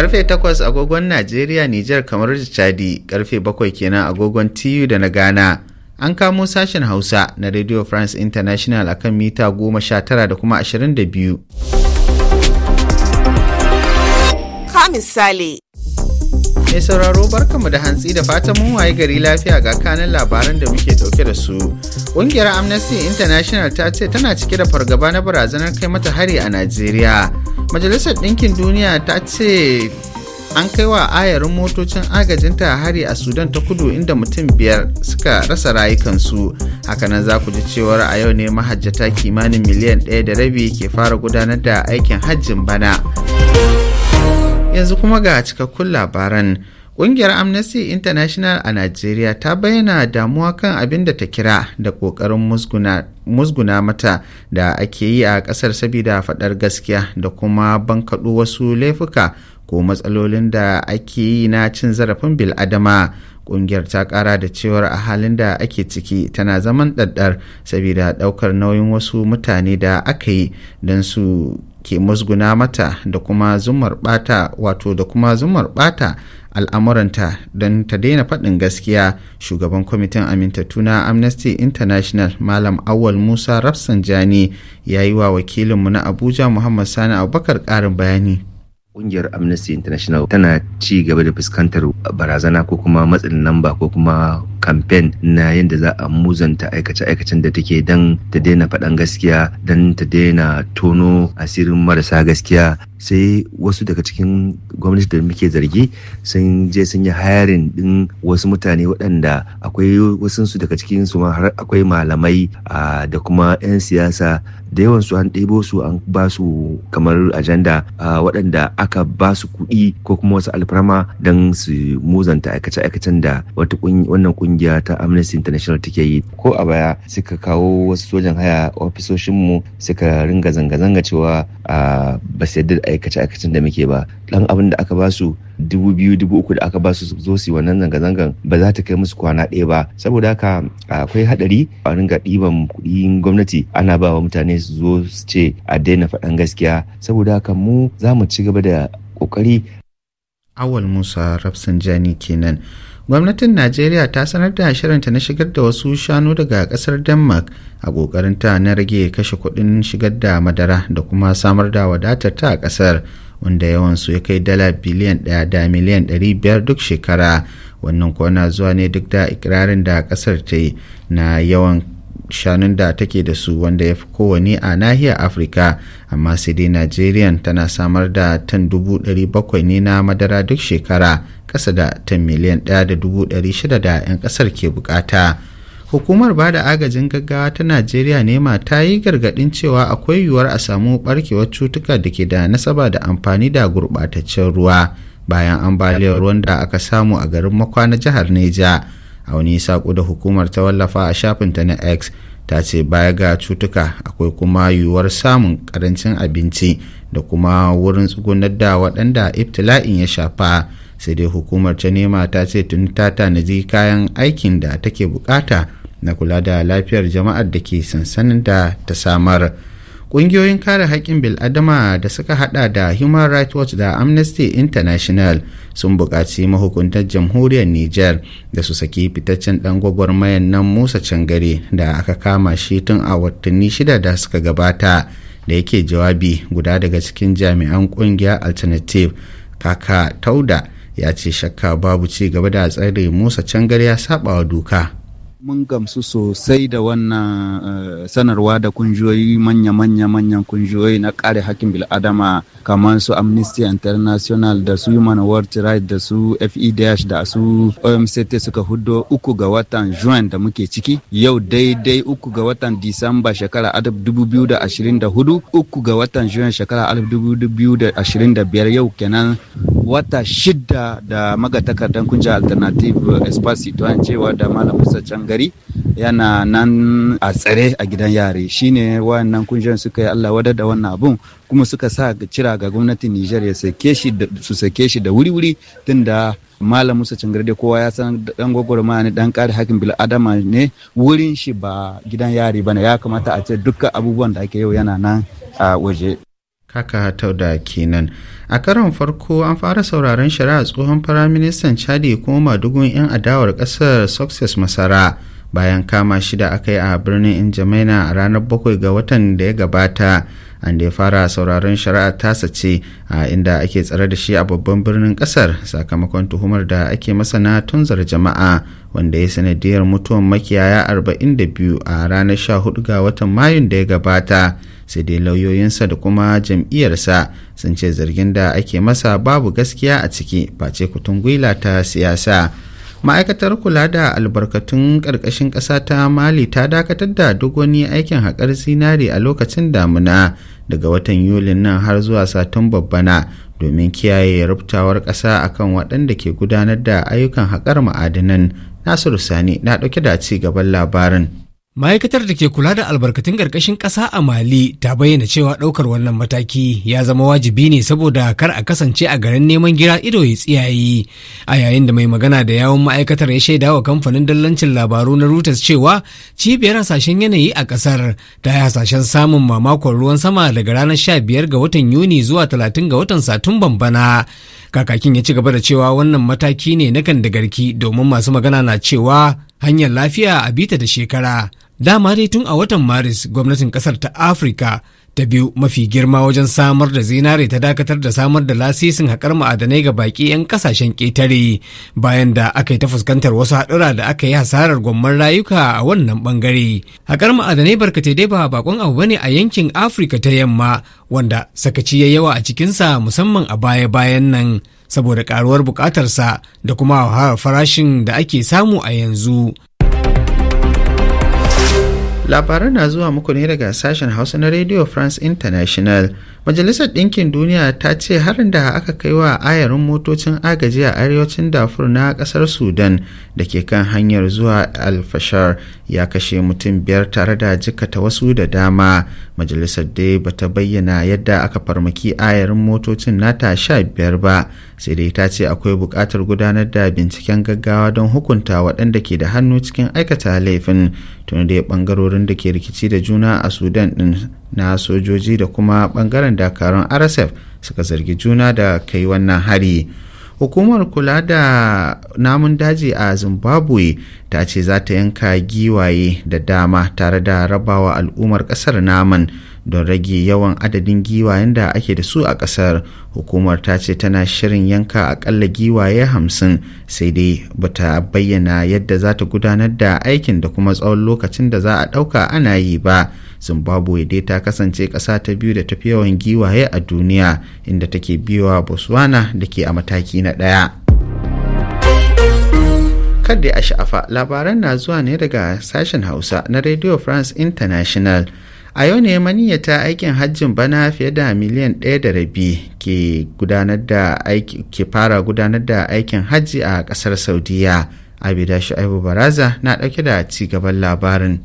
Karfe 8 agogon Najeriya, Nijar kamar da Chadi, karfe 7 kenan agogon TU da na Ghana. An kamo sashen Hausa na Radio France International akan mita 19 da kuma 22. Ka misali. Mai sauraro barkanmu da hantsi da fatan mun waye gari lafiya ga kanan labaran da muke dauke da su. Ƙungiyar Amnesty International ta ce tana cike da fargaba na barazanar kai mata hari a Najeriya. Majalisar Ɗinkin Duniya ta ce an kai wa ayarin motocin agajinta hari a Sudan ta kudu inda mutum biyar suka rasa rayukansu. Hakanan za ku ji cewar a yau ne mahajjata kimanin miliyan ɗaya da rabi ke fara gudanar da aikin hajjin bana. yanzu kuma ga cikakkun labaran Ƙungiyar Amnesty International a nigeria ta bayyana damuwa kan abin da ta kira da ƙoƙarin musguna, mata da ake yi a ƙasar saboda faɗar gaskiya da kuma bankaɗo wasu laifuka ko matsalolin da ake yi na cin zarafin bil'adama. Ƙungiyar ta ƙara da cewar a halin da ake ciki tana zaman ɗaɗɗar sabida ɗaukar nauyin wasu mutane da aka yi don su ke musguna mata da kuma zumar bata wato da kuma zumar bata al'amuranta don ta daina faɗin gaskiya shugaban kwamitin amintattu na amnesty international malam awal musa rafsanjani ya yi wa wakilinmu na abuja muhammad sani abubakar ƙarin bayani Ƙungiyar Amnesty International tana ci gaba da fuskantar barazana ko kuma matsin lamba ko kuma kamfen na yadda za a muzanta aikace-aikacen da take don ta daina faɗan gaskiya don ta daina tono asirin marasa gaskiya sai wasu daga cikin gwamnati da muke zargi sun je sun yi hayarin din wasu mutane waɗanda akwai wasu su daga cikin su har akwai malamai da kuma 'yan siyasa da yawan su an ɗebo su an ba su kamar ajanda waɗanda aka ba su kuɗi ko kuma wasu alfarma don su muzanta aikace-aikacen da wannan kungiya ta amnesty international take yi ko a baya suka kawo wasu sojan haya ofisoshinmu suka ringa zanga-zanga cewa ba su yadda aikace-aikacen da muke ba dan abin da aka basu dubu biyu dubu uku da aka basu su zo su wannan zanga-zangan ba za ta kai musu kwana ɗaya ba saboda haka akwai hadari a ringa ɗiban kuɗin gwamnati ana ba wa mutane su zo su ce a daina faɗan gaskiya saboda haka mu za mu ci gaba da kokari Awal Musa Rafsanjani kenan. Gwamnatin Najeriya ta sanar da shirinta na shigar da wasu shanu daga kasar Denmark a ta na rage kashe kuɗin shigar da madara da kuma samar da wadatar ta a ƙasar wanda yawansu ya kai dala biliyan ɗaya da miliyan ɗari biyar duk shekara. Wannan kwana zuwa ne duk da ikirarin da ƙasar ta yi na yawan shanun da take da su wanda ya fi kowane a nahiyar afirka amma sai dai najeriya tana samar da tan dubu bakwai ne na madara duk shekara kasa da tan miliyan ɗaya da dubu shida da 'yan kasar ke bukata hukumar ba da agajin gaggawa ta najeriya ma ta yi gargadin cewa akwai yiwuwar a samu barkewar cutuka da ke da nasaba da amfani da gurbataccen ruwa bayan ambaliyar ruwan da aka samu a garin makwa na jihar neja a wani saƙo da hukumar ta wallafa a shafin ta na x ta ce baya ga cutuka akwai kuma yiwuwar samun karancin abinci da kuma wurin tsugunar da waɗanda ibtila'in ya shafa sai dai hukumar ta nema ta ce tun ta tanaji kayan aikin da take bukata na kula da lafiyar jama'ar da ke sansanin da ta samar ƙungiyoyin kare haƙƙin bil'adama da suka hada da human rights watch da amnesty international sun buƙaci mahukuntar jamhuriyar Nijar da su saki fitaccen ɗan gwagwarmayan nan musa cangare da aka kama shi tun a watanni shida da suka gabata da yake jawabi guda daga cikin jami'an ƙungiyar alternative kaka tauda ya ce shakka babu ci gaba da tsare musa cangare ya saba wa doka Mun gamsu sosai da wannan eh, sanarwa da kungiyoyi manya-manya manyan kungiyoyi na kare hakkin bil'adama kamar su Amnesty International da su Human Rights Right da su FEDH da su OMCT suka hudo uku ga watan juan da muke ciki. Yau daidai uku ga watan Disamba shekara 2024 uku ga watan juan shekara 2025 yau kenan wata shidda da magatakardan kunja Alternative Espace an cewa da Malam Musa Canga gari yana nan a tsare a gidan yare shine wayannan kungiyar suka yi Allah wadar da wannan abun kuma suka sa cira ga gwamnatin Nijar ya sake shi su sake shi da wuri-wuri tunda Malam Musa Cangarde kowa ya san dan ma ne dan kare hakkin bil'adama ne wurin shi ba gidan yari bane ya kamata a ce dukkan abubuwan da ake yau yana nan a waje. kaka tauda kenan a karon farko an fara sauraron shari'a tsohon firaministan chadi kuma madugun 'yan adawar kasar success masara bayan kama shida aka yi a birnin injamaina a ranar bakwai ga watan da ya gabata an da ya fara sauraron shari'a tasa ce a inda ake tsare da shi a babban birnin kasar sakamakon tuhumar da ake masana tunzar jama'a wanda ya sanadiyar mutuwan makiyaya 42 a ranar 14 ga watan mayun da ya gabata sai dai lauyoyinsa da kuma jam'iyyarsa sun ce zargin da ake masa babu gaskiya a ciki face kutun gwila ta siyasa ma'aikatar kula da albarkatun ƙarƙashin ƙasa ta mali ta dakatar da duk wani aikin haƙar zinari a lokacin damuna daga watan yulin nan har zuwa satin babbana domin kiyaye rubtawar ƙasa akan waɗanda ke gudanar da ayyukan haƙar ma'adinan nasiru sani na ɗauke da ci gaban labarin Ma'aikatar da ke kula da albarkatun ƙarƙashin ƙasa a Mali ta bayyana cewa ɗaukar wannan mataki ya zama wajibi ne saboda kar a kasance a garin neman gira ido ya tsiyayi. A yayin da mai magana da yawon ma'aikatar ya shaida wa kamfanin dallancin labaru na Reuters cewa cibiyar hasashen yanayi a ƙasar ta yi hasashen samun mamakon ruwan sama daga ranar 15 ga watan Yuni zuwa 30 ga watan Satumban bana. Kakakin ya ci gaba da cewa wannan mataki ne na kan da garki domin masu magana na cewa hanyar lafiya a bita da shekara dama dai tun a watan maris gwamnatin kasar ta afirka ta biyu mafi girma wajen samar da zinare ta dakatar da samar da lasisin haƙar ma'adanai ga baƙi 'yan ƙasashen ƙetare bayan da aka yi ta fuskantar wasu haɗura da aka yi hasarar gwamman rayuka a wannan ɓangare haƙar ma'adanai barkatai dai ba bakon abu bane a yankin afirka ta yamma wanda sakaci ya yawa a cikinsa musamman a baya-bayan nan saboda karuwar bukatarsa da kuma hauhawar farashin da ake samu a yanzu. Labaran na zuwa muku ne daga sashen Hausa na Radio France International. majalisar ɗinkin duniya ta ce harin da aka kai wa ayarin motocin agaji a arewacin dafur na ƙasar sudan da ke kan hanyar zuwa alfashar ya kashe mutum biyar tare da jikata wasu da dama majalisar dai bata bayyana yadda aka farmaki ayarin motocin nata sha biyar ba sai dai ta ce akwai buƙatar gudanar da binciken gaggawa don hukunta waɗanda ke da hannu cikin aikata laifin tun da ɓangarorin da ke rikici da juna a sudan ɗin na sojoji da kuma bangaren dakarun rsf suka zargi juna da kai wannan hari hukumar kula da namun daji a zimbabwe ta ce za ta yanka giwaye da dama tare da rabawa al'ummar kasar naman don rage yawan adadin giwayen da ake da su a kasar hukumar ta ce tana shirin yanka akalla giwaye hamsin sai dai bata bayyana yadda za ta gudanar da aikin da kuma tsawon lokacin da za a ɗauka ana yi ba zimbabwe dai ta kasance ƙasa ta biyu da tafi yawan giwaye a duniya inda take biyowa botswana da ke a mataki na ɗaya kadai a sha'afa labaran na zuwa ne daga sashen hausa na radio france international a yau ne maniyyata aikin hajjin bana fiye da miliyan ɗaya da rabi ke fara gudanar da aikin hajji a ƙasar saudiya abida shu'aibu baraza na ɗauke da ci gaban labarin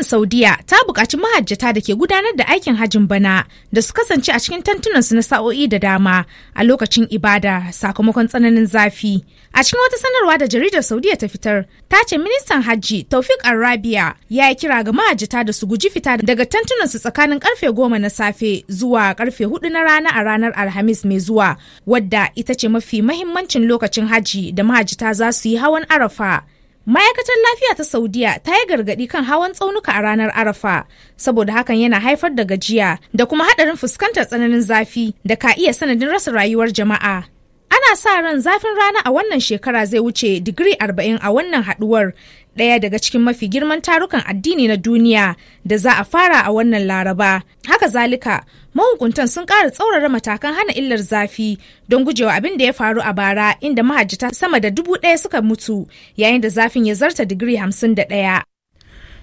Gwamnatin Saudiya ta bukaci mahajjata da ke gudanar da aikin hajjin bana da su kasance a cikin tantunansu na sa'o'i da dama a lokacin ibada sakamakon tsananin zafi. A cikin wata sanarwa da jaridar Saudiya ta fitar, ta ce ministan hajji Taufik Arabia ya yi kira ga mahajjata da su guji fita daga tantunansu tsakanin karfe goma na safe zuwa karfe hudu na rana a ranar Alhamis mai zuwa, wadda ita ce mafi mahimmancin lokacin hajji da mahajjata za su yi hawan Arafa. Ma'aikatar lafiya ta Saudiya ta yi gargaɗi kan hawan tsaunuka a ranar Arafa, saboda hakan yana haifar da gajiya da kuma haɗarin fuskantar tsananin zafi da ka iya sanadin rasa rayuwar jama'a. Ana sa ran zafin rana a wannan shekara zai wuce digiri 40 a wannan haɗuwar ɗaya daga cikin mafi girman tarukan addini na duniya da za a fara a wannan laraba haka zalika mahukuntan sun ƙara tsaurara matakan hana illar zafi don gujewa abin da ya faru a bara inda mahajjata sama da dubu ɗaya suka mutu yayin da zafin ya zarta digiri hamsin da ɗaya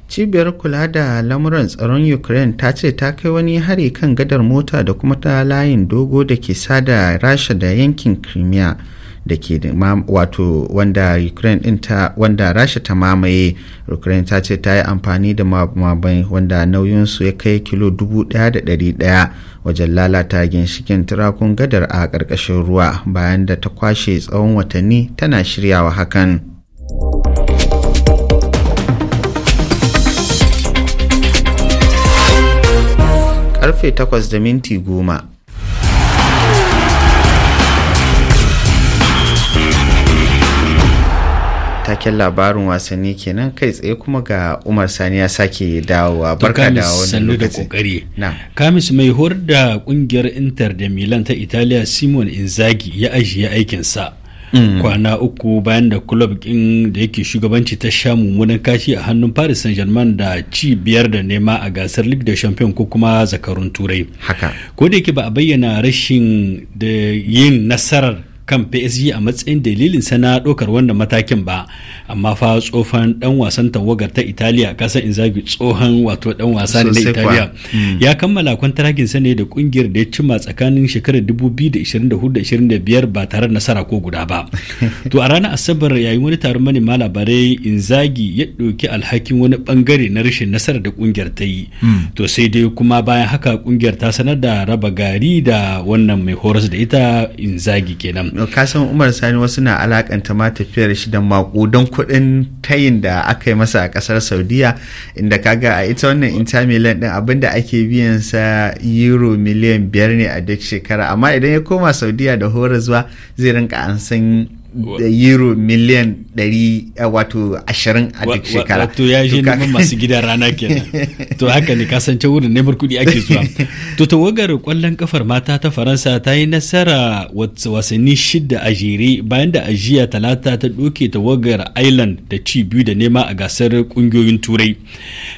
cibiyar kula da lamuran tsaron ukraine ta ce ta kai wani hari kan gadar mota da kuma ta layin dogo da ke sada rasha da yankin crimea da ke wato wanda ukraine din ta wanda rasha ta mamaye ukraine ta ce ta yi amfani da mabai wanda nauyinsu ya kai kilo dubu daya da dari daya wajen lalata ginshikin turakun gadar a ƙarƙashin ruwa bayan da ta kwashe tsawon watanni tana shiryawa hakan karfe takwas da minti goma taken labarin wasanni kenan kai tsaye kuma ga umar sani ya sake dawowa barka da wannan lokaci kamis mai horar da kungiyar inter da milan ta italiya simon inzaghi ya ajiye aikinsa mm. kwana uku bayan da club din da yake shugabanci ta sha mummunan kashi a hannun paris saint-germain da ci biyar da nema a gasar league da champion ko kuma zakarun turai haka ko da yake ba a bayyana rashin da yin nasarar kan PSG a matsayin dalilin sana ɗaukar wannan matakin ba amma fa tsofan dan wasan tawagar ta Italiya kasa Inzaghi tsohon wato dan wasa ne na Italiya mm. ya kammala kwantaragin sa ne da kungiyar da ya cima tsakanin shekarar 2024-2025 ba tare da nasara ko guda ba to a ranar Asabar yayin wani taron manema labarai Inzaghi ya ɗauki alhakin wani bangare na rashin nasara da kungiyar ta yi mm. to sai dai kuma bayan haka kungiyar ta sanar da raba gari da wannan mai horas da ita Inzaghi kenan kasan umar sani wasu na alakanta ma tafiyar shi da mako don kuɗin tayin da aka yi masa a ƙasar saudiya inda kaga a ita wannan inter milan din abinda ake biyan sa euro miliyan biyar ne a duk shekara amma idan ya koma saudiya da zuwa zai rinka an san da euro miliyan 100 eh, wato 20 a duk shekara wato ya je neman masu gidan rana kenan to haka ne kasance wurin neman kuɗi ake zuwa to tawagar kwallon kafar mata ta faransa ta yi nasara wasanni shida a jere bayan da ajiya talata ta doke tawagar island da ci biyu da nema a gasar kungiyoyin turai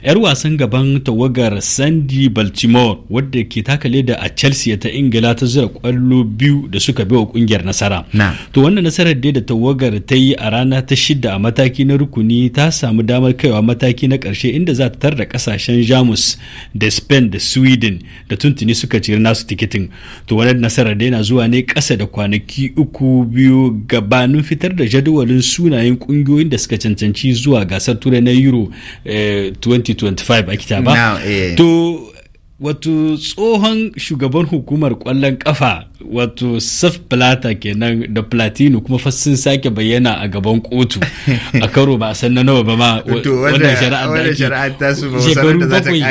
yar wasan gaban tawagar sandy baltimore wadda ke takale da a chelsea ta ingila ta zura kwallo biyu da suka bi wa kungiyar nasara to wannan nasarar da zaɓe da tawagar ta yi a rana ta shida a mataki na rukuni ta samu damar kaiwa mataki na ƙarshe inda za ta tarda kasashen jamus da spain da sweden da tuntuni suka ciri nasu tikitin to wani nasarar da yana zuwa ne kasa da kwanaki uku biyu gabanin fitar da jadawalin sunayen ƙungiyoyin da suka cancanci zuwa gasar turai na euro 2025 eh, a kitaba eh. to wato tsohon shugaban hukumar kwallon kafa wato saf plata kenan da platino kuma fa sun sake bayyana a gaban kotu a karo ba san na nawa ba ma wannan shari'ar da ake shekaru bakwai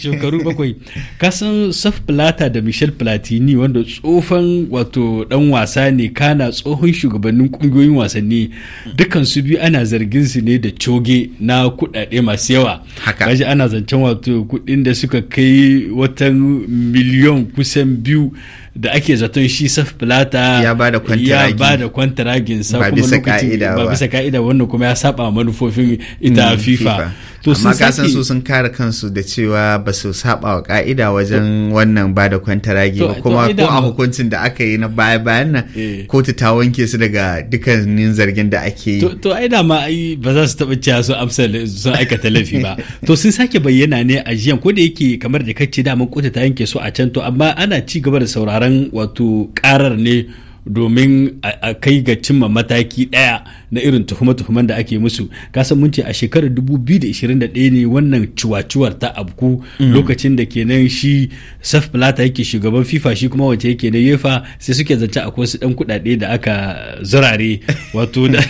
shekaru bakwai kasan saf plata da michel platini wanda tsofan wato dan wasa ne kana tsohon shugabannin kungiyoyin wasanni dukkan su biyu ana zargin su ne da coge na kudade masu yawa kaji ana zancen wato kudin da suka kai watan miliyon kusan biyu da ake zaton shi saf plata ya ba da sa kuma lokaci ba bisa ka'ida wannan kuma ya saba manufofin ita hmm, fifa amma kasan su sun kare kansu da cewa ba su saba wa ka'ida wajen wannan ba da kwantaragi ba kuma ko a hukuncin da aka yi na baya bayan nan eh. kotu ta wanke su daga dukkanin zargin da ake yi to ai ma ai ba za su taba cewa su amsa sun aikata laifi ba to sun sake bayyana ne a jiyan ko da yake kamar da kace dama kotu ta yanke su a can to amma ana ci gaba da sauraron wato karar ne domin a kai ga cimma mataki ɗaya na irin tuhume tuhuman da ake musu kasan mun ce a shekarar 2021 ne wannan ciwaciwar ta abku mm. lokacin da kenan shi saf plata yake shugaban fifa shi kuma wace yake na yefa sai suke zance a wasu ɗan kuɗaɗe da aka zurare wato da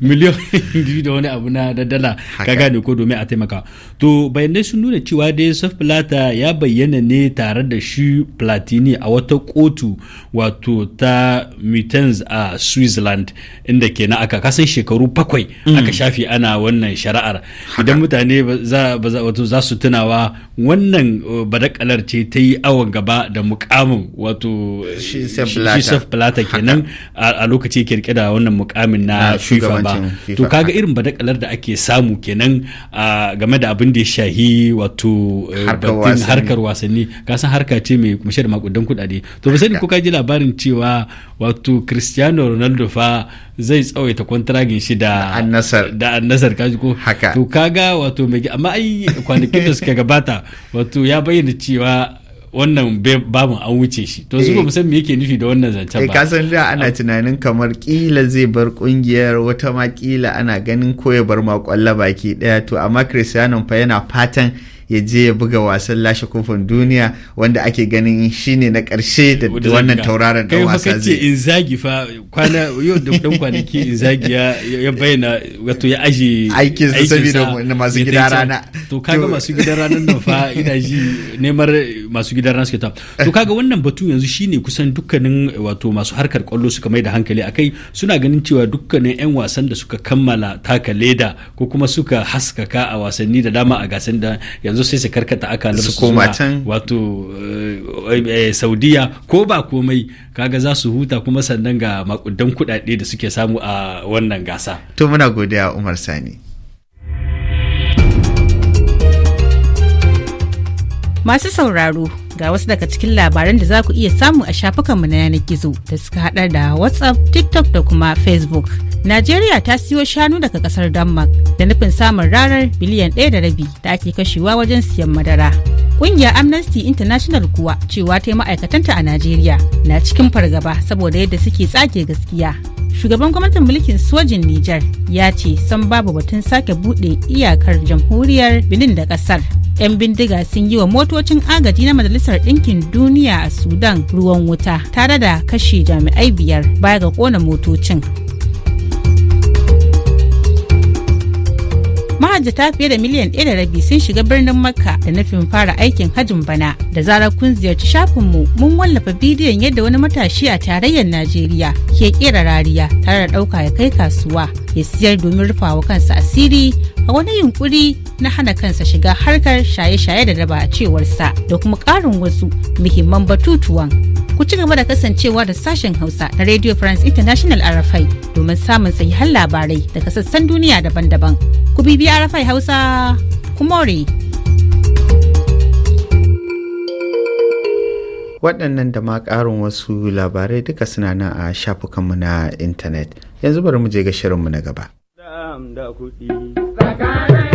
miliyan biyu da wani abu na dala ka gane ko domin a taimaka to bayanai sun nuna cewa dai saf plata ya bayyana ne tare da shi platini a wata kotu wato ta mutens a switzerland inda ke na aka kasan shekaru bakwai mm. aka shafi ana wannan shari'ar idan mutane za su tunawa wannan uh, badakalar ce ta yi awon gaba da mukamin wato uh, shisaf plata kenan a lokaci kirkira da wannan mukamin na fifa ba to kaga irin badakalar da ake samu kenan uh, game da abin da ya shahi wato harkar wasanni kasan harka ce mai kumshe da makudan kudade to ba sani ko ka ji labarin cewa wato cristiano ronaldo fa zai tsawaita kwantiragin shi da annasar da annasar kaji ko haka to kaga wato mai amma ai kwanakin da suka gabata wato ya bayyana cewa wannan babu an wuce shi to su ba eh. san me yake nufi da wannan zancen eh, ba kasan da ana tunanin kamar kila zai bar kungiyar wata ma kila ana ganin ko ya bar ma kwalla baki daya to amma cristiano fa yana fatan ya je ya buga wasan lashe kofin duniya wanda ake ganin shine na karshe da wannan tauraron da wasa zai kai in zagi fa kwana yau da dan kwanaki in zagi ya bayyana wato ya aje aikin sa saboda masu gidan rana to kaga masu gidan ranar nan fa ina ji neman masu gidan rana suke ta to kaga wannan batun yanzu shine kusan dukkanin wato masu harkar kwallo suka mai da hankali akai suna ganin cewa dukkanin 'yan wasan da suka kammala taka leda ko kuma suka haskaka a wasanni da dama a gasar da yanzu yanzu sai su karkata akalar su koma can wato eh, eh, saudiya ko ba komai kaga za su huta kuma sannan ga makudan kudade da suke samu a wannan gasa to muna godiya umar sani masu sauraro ga wasu daga cikin labaran da za ku iya samu a shafukanmu na yanar gizo da suka hada da whatsapp tiktok da kuma facebook Najeriya ta siyo shanu daga kasar Denmark da nufin samun ranar biliyan ɗaya da rabi da ake kashewa wajen siyan madara. Ƙungiyar Amnesty International kuwa cewa ta ma'aikatanta a Najeriya na cikin fargaba saboda yadda suke tsage gaskiya. Shugaban gwamnatin mulkin sojin Nijar ya ce san babu batun sake buɗe iyakar jamhuriyar Benin da ƙasar. 'Yan bindiga sun yi wa motocin agaji na Majalisar Ɗinkin Duniya a Sudan ruwan wuta tare da kashe jami'ai biyar baya ga ƙona motocin. mahajjata fiye da miliyan ɗaya da rabi sun shiga birnin makka da nufin fara aikin hajjin bana da zarar kun ziyarci shafinmu mun wallafa bidiyon yadda wani matashi a tarayyar najeriya ke kera rariya tare da ɗauka ya kai kasuwa ya siyar domin rufawa kansa asiri a wani yunkuri na hana kansa shiga harkar shaye-shaye da daba cewarsa da kuma ƙarin wasu muhimman batutuwan. Ku ci gaba da kasancewa da sashen Hausa na Radio France International Arafai domin samun sahihan labarai daga sassan duniya daban-daban. Ku bibi Arafai Hausa, kumore. waɗannan da ma ƙarin wasu labarai duka suna nan a shafukanmu na intanet yanzu bari mu je ga shirinmu na gaba. Ghana.